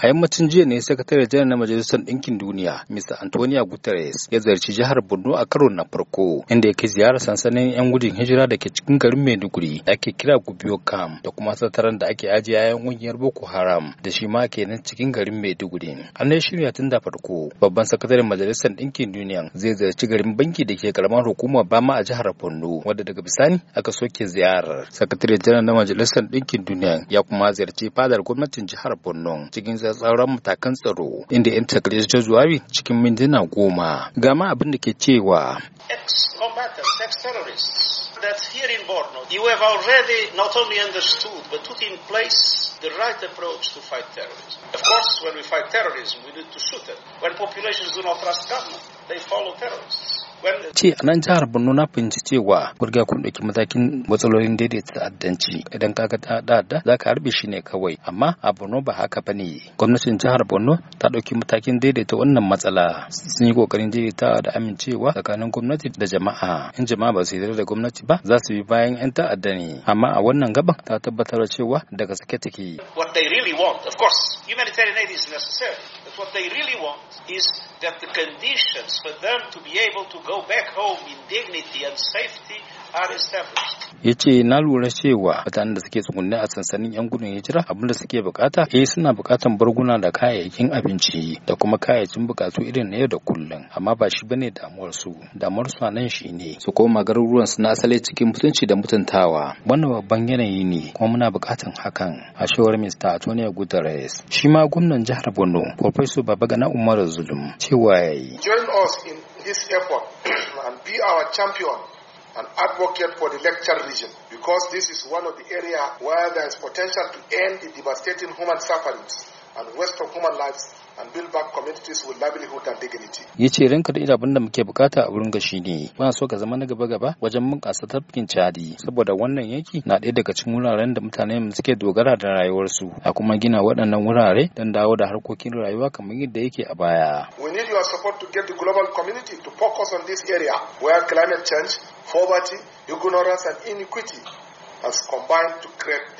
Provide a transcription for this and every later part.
A yammacin jiya ne sakatare janar na Majalisar Ɗinkin Duniya, Mr. Antonio Guterres, ya ziyarci jihar Borno a karo na farko, inda ya kai ziyarar sansanin 'yan gudun hijira da ke cikin garin Maiduguri da ake kira Gubiyo Kam da kuma sataran da ake ajiye 'ya'yan ƙungiyar Boko Haram da shi ma ke nan cikin garin Maiduguri. An ne shirya tun da farko, babban sakataren Majalisar Ɗinkin Duniya zai ziyarci garin banki da ke karamar hukumar Bama a jihar Borno, wadda daga bisani aka soke ziyarar. Sakatare janar na Majalisar Ɗinkin Duniya ya kuma ziyarci fadar gwamnatin jihar Borno cikin da tsauran matakan tsaro takardar ta cikin mintuna goma gama abin da ke cewa ex-combatants, ex-terrorists that here in Borno you have already not only understood but put in place the right approach to fight terrorism. Of course, when we fight terrorism, we need to shoot them. When populations do not trust government, they follow terrorists. ce a nan jihar borno na fahimci cewa kurga kun ɗauki matakin matsalolin daidaita ta'addanci idan ka ga ta'adda za ka harbe shi ne kawai amma a borno ba haka ba ne gwamnatin jihar borno ta ɗauki matakin daidaita wannan matsala sun yi ƙoƙarin daidaitawa da amincewa tsakanin gwamnati da jama'a in jama'a ba su yarda da gwamnati ba za su bi bayan 'yan ta'adda ne amma a wannan gaban ta tabbatar cewa daga sake take what they really want of is the conditions for them to be able to Go back home in dignity and safety are established. ya ce na lura cewa mutanen da suke tsugunne a sansanin yan gudun hijira abin da suke bukata eh suna bukatan barguna da kayayyakin abinci da kuma kayayyakin bukatu irin na yau da kullum amma ba shi bane damuwar su damuwar su nan shi ne. su koma garuruwan su na asali cikin mutunci da mutuntawa wannan babban yanayi ne kuma muna bukatan hakan a shawar Mr. Antonio Guterres shi ma gwamnan jihar Borno Professor Babagana umaru Zulum cewa yayi join us in this effort and be our champion and advocate for the lecture region because this is one of the areas where there is potential to end the devastating human sufferings and of human lives and build back communities with livelihood and dignity. Ya ce ranka da abin da muke bukata a wurin gashi ne. Muna so ka zama na gaba-gaba wajen bunƙasa tafkin Chadi saboda wannan yanki na ɗaya daga cikin wuraren da mutane suke dogara da rayuwarsu a kuma gina waɗannan wurare don dawo da harkokin rayuwa kamar yadda yake a baya. We need your support to get the global community to focus on this area where climate change, poverty, ignorance and inequity has combined to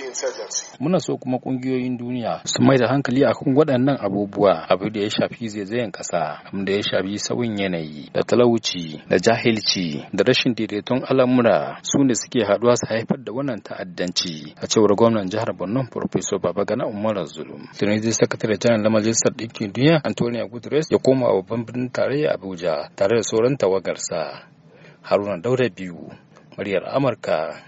insurgency. Muna so kuma kungiyoyin duniya su mai da hankali akan waɗannan abubuwa abu da ya shafi zaizayen ƙasa da ya shafi sauyin yanayi da talauci da jahilci da rashin daidaiton al'amura su ne suke haɗuwa su haifar da wannan ta'addanci a cewar gwamnan jihar Borno Professor Babagana Umar Zulum. Tunisia Sakatare Janar na Majalisar Ɗinkin Duniya Antonio Guterres ya koma babban birnin tarayya Abuja tare da sauran tawagarsa. Haruna Daura biyu, muryar Amurka